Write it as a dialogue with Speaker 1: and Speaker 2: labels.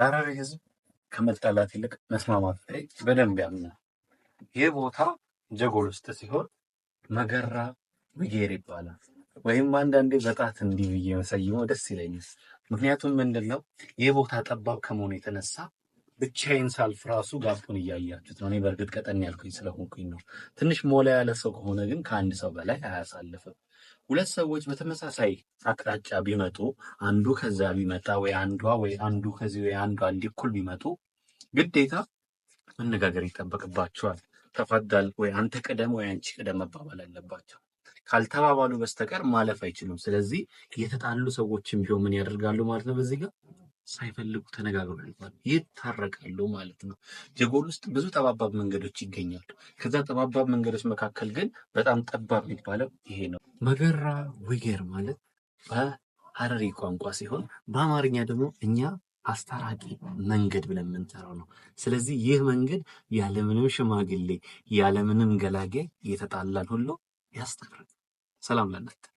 Speaker 1: የሀረሪ ህዝብ ከመጣላት ይልቅ መስማማት ላይ በደንብ ያምና። ይህ ቦታ ጀጎል ውስጥ ሲሆን መገራ ምጌር ይባላል። ወይም አንዳንዴ በጣት እንዲህ ብዬ መሰይመው ደስ ይለኛል። ምክንያቱም ምንድን ነው ይህ ቦታ ጠባብ ከመሆኑ የተነሳ ብቻዬን ሳልፍ ራሱ ጋፉን እያያችሁት ነው። እኔ በእርግጥ ቀጠን ያልኩኝ ስለሆንኩኝ ነው። ትንሽ ሞላ ያለ ሰው ከሆነ ግን ከአንድ ሰው በላይ አያሳልፍም። ሁለት ሰዎች በተመሳሳይ አቅጣጫ ቢመጡ አንዱ ከዛ ቢመጣ ወይ አንዷ ወይ አንዱ ከዚህ ወይ አንዷ እንዲህ እኩል ቢመጡ ግዴታ መነጋገር ይጠበቅባቸዋል። ተፋዳል ወይ አንተ ቅደም ወይ አንቺ ቅደም መባባል አለባቸው። ካልተባባሉ በስተቀር ማለፍ አይችሉም። ስለዚህ የተጣሉ ሰዎችም ቢሆን ምን ያደርጋሉ ማለት ነው በዚህ ጋር ሳይፈልጉ ተነጋግረው ያልፋሉ፣ ይታረቃሉ ማለት ነው። ጀጎል ውስጥ ብዙ ጠባባብ መንገዶች ይገኛሉ። ከዛ ጠባባብ መንገዶች መካከል ግን በጣም ጠባብ የሚባለው ይሄ ነው። መገራ ዊገር ማለት በሀረሪ ቋንቋ ሲሆን በአማርኛ ደግሞ እኛ አስታራቂ መንገድ ብለን የምንጠራው ነው። ስለዚህ ይህ መንገድ ያለምንም ሽማግሌ ያለምንም ገላጌ የተጣላን ሁሉ ያስታርቅ። ሰላም ለእናንተ።